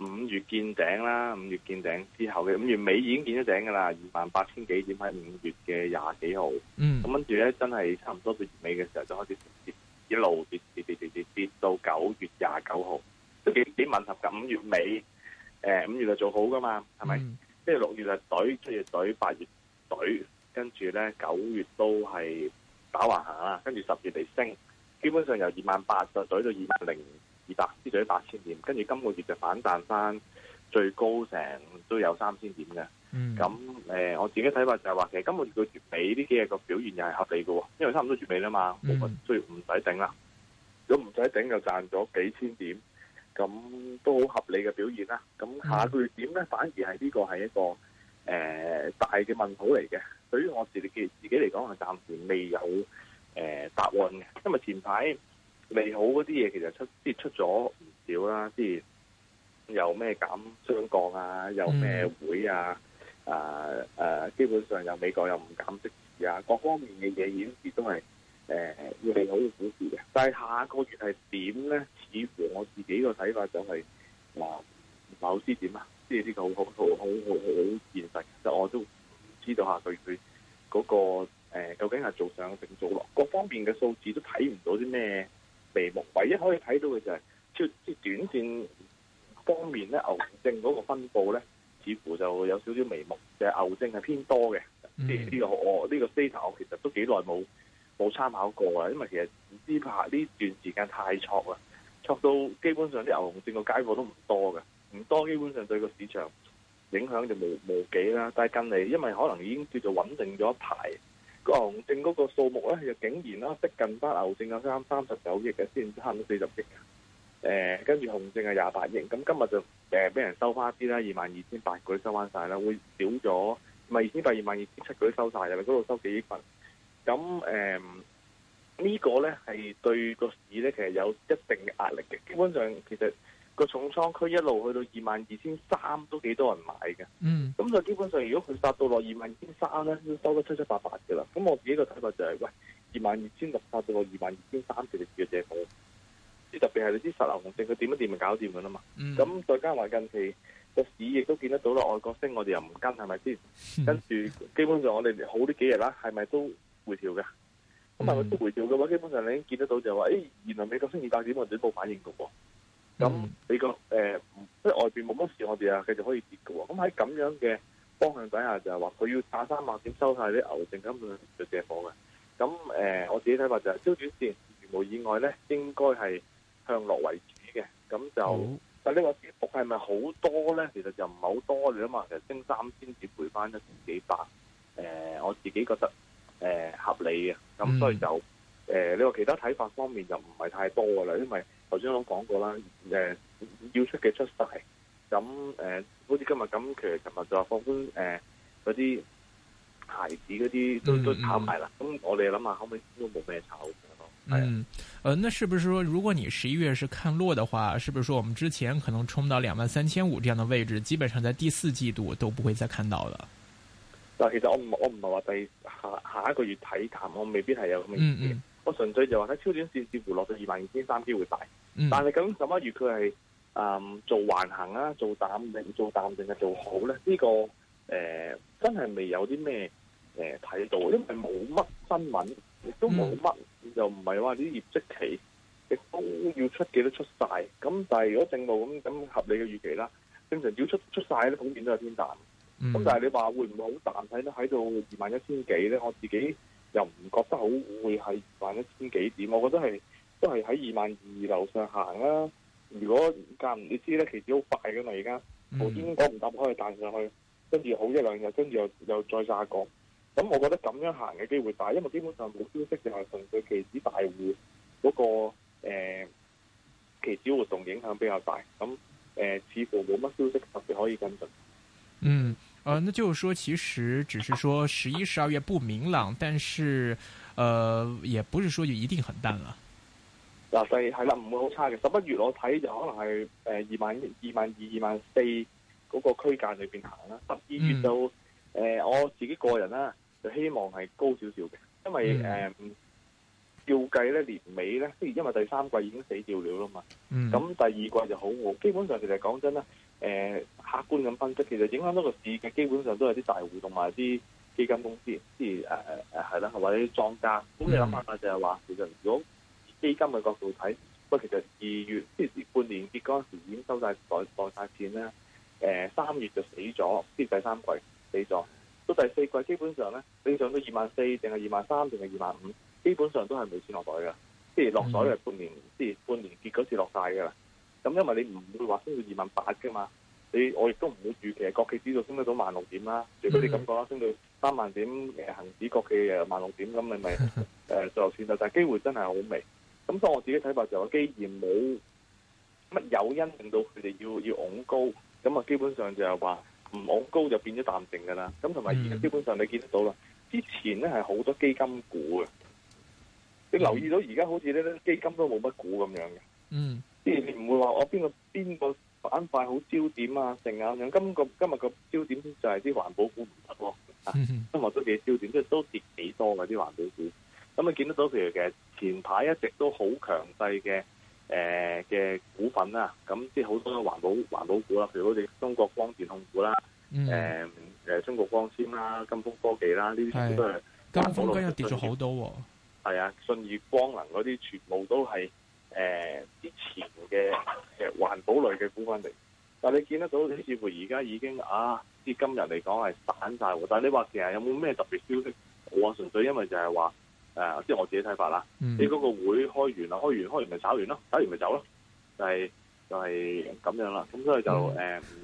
五月見頂啦，五月見頂之後嘅五月尾已經見咗頂噶啦，二萬八千幾點喺五月嘅廿幾號，咁、嗯、跟住咧真係差唔多到月尾嘅時候就開始一跌一路跌跌跌跌跌跌，跌到九月廿九號，都幾幾吻合噶。五月尾，誒、呃、五月就做好噶嘛，係咪？即係、嗯、六月就懟，七月懟，八月懟，跟住咧九月都係打橫行啦，跟住十月嚟升，基本上由二萬八就懟到二萬零，二百跌到一八千點，跟住今個月就反彈翻最高成都有三千點嘅。咁、mm. 呃、我自己睇法就係話，其實今個月個月尾呢幾日個表現又係合理嘅，因為差唔多月尾啦嘛，mm. 所以唔使整啦。如果唔使整，就賺咗幾千點，咁都好合理嘅表現啦。咁下個月點咧，mm. 反而係呢個係一個、呃、大嘅問號嚟嘅。對於我自己自己嚟講，係暫時未有、呃、答案嘅，因為前排。利好嗰啲嘢其實出即係出咗唔少啦，即係有咩減相降啊，有咩會啊，啊、呃、啊、呃，基本上有美國又唔減息啊，各方面嘅嘢顯示都係誒要利好啲股市嘅，但係下個月係點咧？似乎我自己個睇法就係嗱唔好知點啊，即係呢個好好好好好現實，其實我都唔知道下對佢嗰個、呃、究竟係做上定做落，各方面嘅數字都睇唔到啲咩。眉目，唯一可以睇到嘅就係、是，即係短線方面咧，牛熊證嗰個分布咧，似乎就有少少眉目，就係、是、牛證係偏多嘅。呢、嗯，這個我呢、這個 data 我其實都幾耐冇冇參考過啊，因為其實唔知怕呢段時間太挫啦，挫到基本上啲牛熊證個街貨都唔多㗎，唔多基本上對個市場影響就冇無，無幾啦。但係近嚟，因為可能已經叫做穩定咗一排。紅證嗰個數目咧，就竟然啦逼近翻牛證啊，三三十九億嘅先差唔多四十億誒，呃，跟住紅證係廿八億，咁今日就誒俾人收翻啲啦，二萬二千八佢收翻晒啦，會少咗，咪二千八二萬二千七佢收晒，入嚟嗰度收幾億份，咁誒呢個咧係對個市咧其實有一定嘅壓力嘅，基本上其實。個重倉區一路去到二萬二千三都幾多人買嘅，咁就、嗯、基本上如果佢殺到落二萬二千三咧，都收得七七八八嘅啦。咁我自己個睇法就係、是，喂，二萬二千六殺到落二萬二千三其實亦都借即，特別係你啲實力紅證，佢點一掂咪搞掂噶啦嘛。咁、嗯、再加埋近期個市亦都見得到啦，外國升我哋又唔跟係咪先？ 跟住基本上我哋好呢幾日啦，係咪都回調嘅？咁但係佢回調嘅話，基本上你已經見得到就係話，誒、哎，原來美國升二百點我哋都冇反應噶噃。咁你個誒，即、呃、外邊冇乜事，我哋啊佢就可以跌㗎喎。咁喺咁樣嘅方向底下，就係話佢要打三萬點收晒啲牛證，正咁就借貨嘅。咁、呃、誒，我自己睇法就係、是，轉轉線無意外咧，應該係向落為主嘅。咁就、嗯、但個是是呢個跌幅係咪好多咧？其實就唔係好多嘅嘛。你諗下，其實升三千至賠翻一千幾百。誒、呃，我自己覺得誒、呃、合理嘅。咁所以就誒、呃，你話其他睇法方面就唔係太多嘅啦，因為。頭先我講過啦，誒、呃、要出嘅出曬，咁誒好似今日咁，其實尋日就話放寬誒嗰啲牌子嗰啲都、嗯、都炒埋啦，咁、嗯、我哋諗下後尾都冇咩炒嘅啊，嗯吧、呃，那是不是說，如果你十一月是看落嘅話，是不是說我們之前可能衝到兩萬三千五這樣嘅位置，基本上在第四季度都不會再看到了？但其實我我唔係話第下下一個月睇淡，談，我未必係有咁嘅意見。嗯嗯我純粹就話睇超短線似乎落到二萬二千三機會大，嗯、但係咁咁，如果佢係誒做橫行啊，做淡定做淡定係做好咧？呢、這個誒、呃、真係未有啲咩誒睇到，因為冇乜新聞，亦都冇乜，嗯、又唔係話啲業績期亦都要出幾多少出晒。咁但係如果正路咁，咁合理嘅預期啦，正常要出出曬咧，普遍都有啲淡。咁、嗯、但係你話會唔會好淡睇咧？喺度二萬一千幾咧，我自己。又唔覺得好會喺二萬一千幾點，我覺得係都係喺二萬二樓上行啦、啊。如果間唔你知咧，期指好快㗎嘛，而家無端端唔唔打開彈上去，跟住好一兩日，跟住又又再咋講。咁我覺得咁樣行嘅機會大，因為基本上冇消息就係純粹期指大戶嗰、那個誒期指活動影響比較大。咁誒、呃、似乎冇乜消息特別可以跟進。嗯。呃，那就是說，其實只是說十一、十二月不明朗，但是，呃，也不是說就一定很淡啦、啊。嗱、嗯，係係啦，唔會好差嘅。十一月我睇就可能係誒二萬二萬二二萬四嗰個區間裏邊行啦。十二月到誒我自己個人啦，就希望係高少少嘅，因為誒，照計咧年尾咧，雖然因為第三季已經死掉了嘛，咁第二季就好好，基本上其實講真啦。誒客觀咁分析，其實影響到個市嘅基本上都係啲大戶同埋啲基金公司，即係誒係啦，或者啲莊家。咁你諗下就係話，其實如果基金嘅角度睇，不過其實二月即係半年結嗰陣時已經收晒袋袋曬錢啦。三月就死咗，即係第三季死咗，到第四季基本上咧，你上到二萬四定係二萬三定係二萬五，基本上都係未先落袋㗎。即係落袋係半年，即係、mm hmm. 半年結嗰次落晒㗎啦。咁，因為你唔會話升到二萬八啫嘛，你我亦都唔會預期國企指數升得到萬六點啦。如果你咁講啦，升到三萬點，誒、呃，恆指國企誒萬六點，咁你咪誒就算啦、呃。但係機會真係好微。咁當我自己睇法就係，既然冇乜誘因令到佢哋要要拱高，咁啊，基本上就係話唔拱高就變咗淡靜噶啦。咁同埋而家基本上你見得到啦，之前咧係好多基金股嘅，你留意到而家好似咧基金都冇乜股咁樣嘅。嗯。即係唔會話我邊個邊個板塊好焦點啊，剩啊咁樣。今個今日個焦點就係啲環保股唔得喎，今日都幾焦點，即係都跌幾多嘅啲環保股。咁、呃、啊，見得到，譬如其實前排一直都好強勢嘅誒嘅股份啦，咁即係好多環保環保股啦，譬如好似中國光電控股啦、啊，誒誒、嗯呃、中國光纖啦、啊、金鋒科技啦，呢啲都係金鋒今日跌咗好多喎。係啊，信義光能嗰啲全部都係。誒、呃，之前嘅嘅環保類嘅股份嚟，但係你見得到，你似乎而家已經啊，至今日嚟講係散晒，但係你話成日有冇咩特別消息？我純粹因為就係話，誒、呃，即係我自己睇法啦。嗯、你嗰個會開完啦，開完開完咪炒完咯，炒完咪走咯，就係、是、就係、是、咁樣啦。咁所以就誒，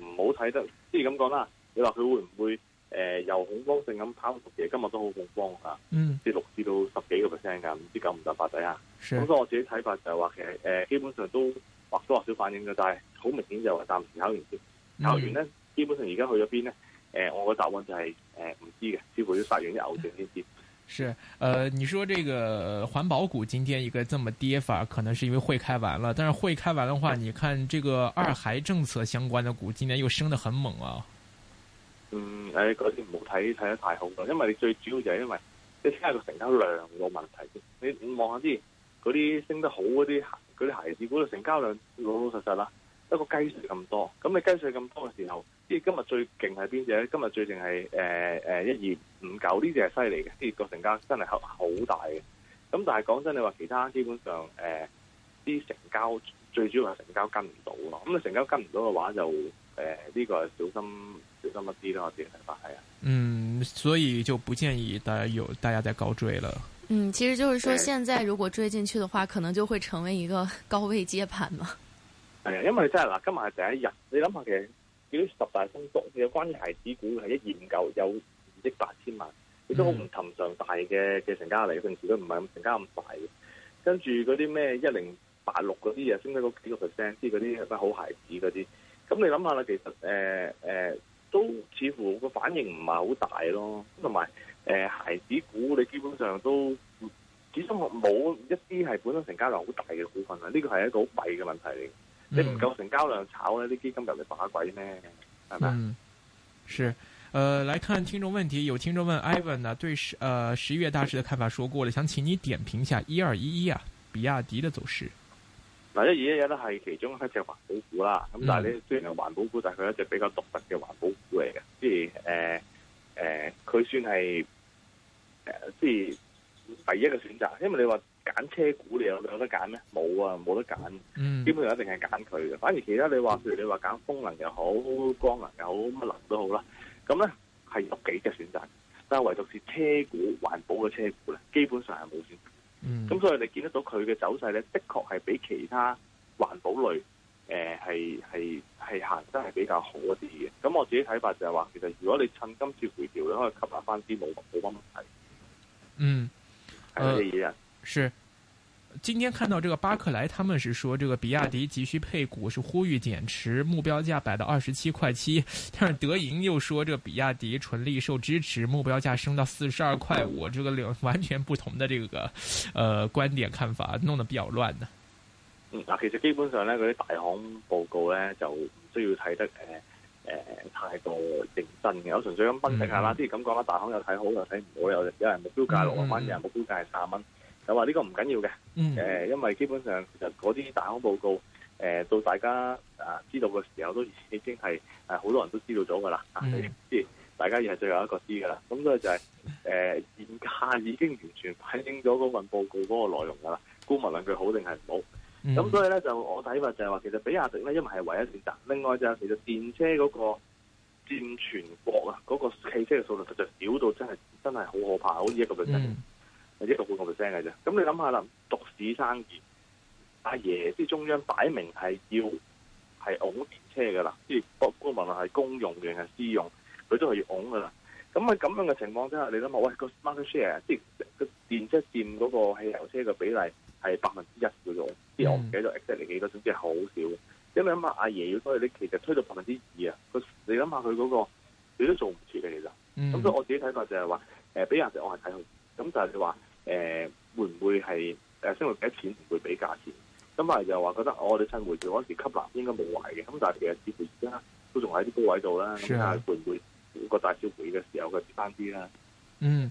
唔好睇得，即係咁講啦。你話佢會唔會？誒，又、呃、恐慌性咁拋嘢，今日都好恐慌啊！嗯，跌六至到十幾個 percent 噶，唔知九唔十八仔啊！咁是、嗯、所以我自己睇法就係話，其實誒，基本上都或多或少反映嘅，但係好明顯就係暫時炒完先，炒完咧，嗯、基本上而家去咗邊咧？誒、呃，我個答案就係、是、誒，唔、呃、知嘅，似乎要快院嘅偶像先知。是，誒、呃，你說這個環保股今天一個這麼跌法，可能是因為會開完了。但是會開完的話，你看這個二孩政策相關的股，今天又升得很猛啊！嗯，誒嗰啲唔好睇，睇得太好咯，因為你最主要就係因為即係睇下個成交量個問題先。你望下啲嗰啲升得好嗰啲嗰啲恆指股嘅成交量，老老實實啦，得個雞碎咁多。咁你雞碎咁多嘅時候，即係今日最勁係邊隻？今日最勁係誒誒一二五九呢隻係犀利嘅，啲、呢個成交真係好大嘅。咁但係講真，你話其他基本上誒啲、呃、成交最主要係成交跟唔到咯。咁你成交跟唔到嘅話就誒呢、呃呢個係小心。係啊？嗯，所以就不建議大家有大家再高追了。嗯，其實就是說，現在如果追進去的話，可能就會成為一個高位接盤嘛。係啊，因為真係嗱，今日係第一日，你諗下其實十大風速，有關於孩子股係一研究有二億八千萬，亦都好唔尋常大嘅嘅成交嚟，嗰陣時都唔係咁成交咁快嘅。跟住嗰啲咩一零八六嗰啲啊，升得嗰幾個 percent，即係嗰啲咪好孩子嗰啲，咁你諗下啦，其實誒誒。呃呃都似乎個反應唔係好大咯，同埋誒，孩、呃、子股你基本上都始終冇一啲係本身成交量好大嘅股份啊，呢、這個係一個好弊嘅問題嚟嘅，你唔夠成交量炒咧，啲基金又咪打鬼咩，係咪？嗯，是，誒、呃，來看聽眾問題，有聽眾問 Ivan 呢、啊，對十誒十一月大市嘅看法說過了，想請你點評一下一二一一啊，比亞迪嘅走勢。嗱，一二一一都係其中一隻環保股啦。咁但係咧，雖然係環保股，但係佢一隻比較獨特嘅環保股嚟嘅。即係誒誒，佢、呃呃、算係誒、呃、即係第一個選擇。因為你話揀車股，你有有得揀咩？冇啊，冇得揀。基本上一定係揀佢嘅。反而其他你話，譬如你話揀風能又好，光能又好，乜能都好啦。咁咧係多幾嘅選擇，但係唯獨是車股環保嘅車股咧，基本上係冇選擇。咁、嗯、所以你見得到佢嘅走勢咧，的確係比其他環保類誒係係係行得係比較好啲嘅。咁我自己睇法就係話，其實如果你趁今次回調，你可以吸納翻啲冇冇乜問題。嗯，係、呃、啦，李是今天看到這個巴克萊，他們是說這個比亞迪急需配股，是呼籲減持，目標價擺到二十七塊七。但是德銀又說，這個比亞迪純利受支持，目標價升到四十二塊五。這個兩完全不同的這個，呃，觀點看法，弄得比較亂的。嗯，嗱，其實基本上呢，啲大行報告呢就唔需要睇得誒誒、呃、太過認真嘅，我純粹咁分析下啦。之前咁講啦，大行又睇好又睇唔好，有有人目標價六蚊，有人目標價係三十蚊。嗯就話呢個唔緊要嘅，誒、mm，hmm. 因為基本上其實嗰啲大行報告，誒、呃，到大家啊知道嘅時候，都已經係誒好多人都知道咗噶啦，所以、mm hmm. 大家亦係最後一個知噶啦。咁所以就係、是、誒、呃、現價已經完全反映咗嗰份報告嗰個內容噶啦。顧問兩句好定係唔好，咁、mm hmm. 所以咧就我睇法就係話，其實比亞迪咧，因為係唯一選擇。另外就係其實電車嗰個佔全國啊，嗰、那個汽車嘅數量實在少到真係真係好可怕，好似一個一個半個 percent 嘅啫，咁你諗下啦，獨市生意，阿爺啲中央擺明係要係拱電車噶啦，即係無論係公用定係私用，佢都係要拱噶啦。咁喺咁樣嘅情況之下，你諗下，喂，個 market share，即係個電車佔嗰個汽油車嘅比例係百分之一嗰種，即係、mm. 我唔記得咗 exactly 嚟幾個，總之係好少嘅。因為諗下阿爺要推你，其實推到百分之二啊，你諗下佢嗰個，你都做唔住嘅其實。咁、mm. 所以我自己睇法就係、是、話，誒比亞迪我係睇佢，咁就係你話。誒、呃、會唔會係誒收落幾多錢唔會俾價錢？咁啊又話覺得、哦、我哋趁回調嗰時吸納應該冇壞嘅。咁但係其實似乎而家都仲喺啲高位度啦。咁啊會唔會個個大消回嘅時候嘅跌翻啲啦？嗯。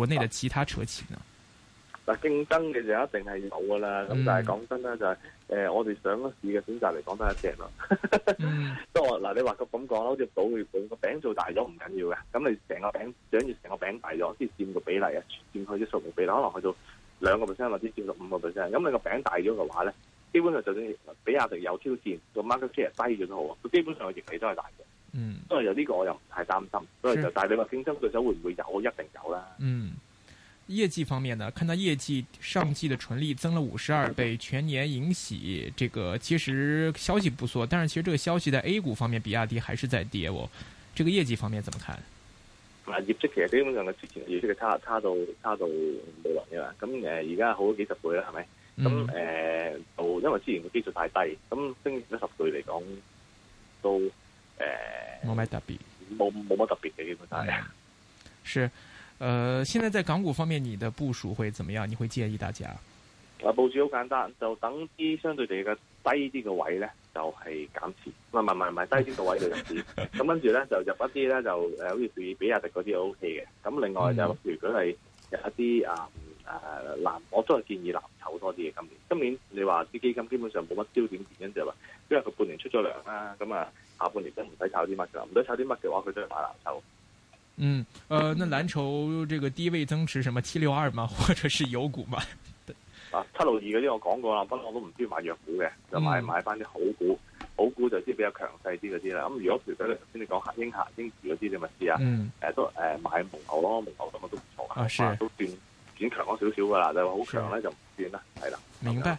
國內的其他車企呢？嗱、啊，競爭嘅就一定係有噶啦，咁、嗯、但係講真啦、就是，就係誒，我哋上市嘅選擇嚟講都係一隻咯。都話嗱，你話佢咁講啦，好似賭佢盤個餅做大咗唔緊要嘅，咁你成個餅，假住成個餅大咗，先佔個比例啊，佔佢啲數目比例，可能去到兩個 percent 或者佔到五個 percent，咁你個餅大咗嘅話咧，基本上就算比亞迪有挑戰，個 market share 低咗都好啊，佢基本上個盈利都係大嘅。嗯，所以有呢個我又唔太擔心，所以就，但係你話競爭對手會唔會有，一定有啦。嗯，業績方面呢？看到業績上季嘅純利增了五十二倍，全年盈喜，這個其實消息不錯。但是其實這個消息在 A 股方面，比亞迪還是在跌哦。這個業績方面怎麼看？嗱，業績其實基本上嘅之前業績嘅差差到差到未聞嘅啦。咁誒，而家好了幾十倍啦，係咪？咁誒、嗯、就、呃哦，因為之前嘅基數太低，咁升幾十倍嚟講都。冇乜特別，冇冇乜特別嘅基本，但係、哎，是，呃，現在在港股方面，你的部署會怎麼樣？你會建議大家？啊，部署好簡單，就等啲相對地嘅低啲嘅位咧，就係減持。唔係唔係唔係，低啲嘅位就入啲。咁跟住咧就入一啲咧就，誒，好似比比亞迪嗰啲 OK 嘅。咁另外就，如果係入一啲啊誒藍、啊，我都係建議藍籌多啲嘅。今年，今年你話啲基金基本上冇乜焦點，原因就係、是、話，因為佢半年出咗糧啦，咁啊。下半年都唔使炒啲乜嘅，唔使炒啲乜嘅話，佢都要買藍籌。嗯，呃，那藍籌這個低位增持，什麼七六二嘛，或者是有股嘛？啊，七六二嗰啲我講過啦，不過我都唔中意買弱股嘅，就買、嗯、買翻啲好股，好股就即係比較強勢啲嗰啲啦。咁、啊、如果條仔頭先你講英下英治嗰啲，你咪試下。誒、啊嗯呃，都誒、呃、買蒙牛咯，蒙牛咁啊都唔錯都算算強咗少少噶啦，就係好強咧就唔算啦，係啦、啊。了明白。明白。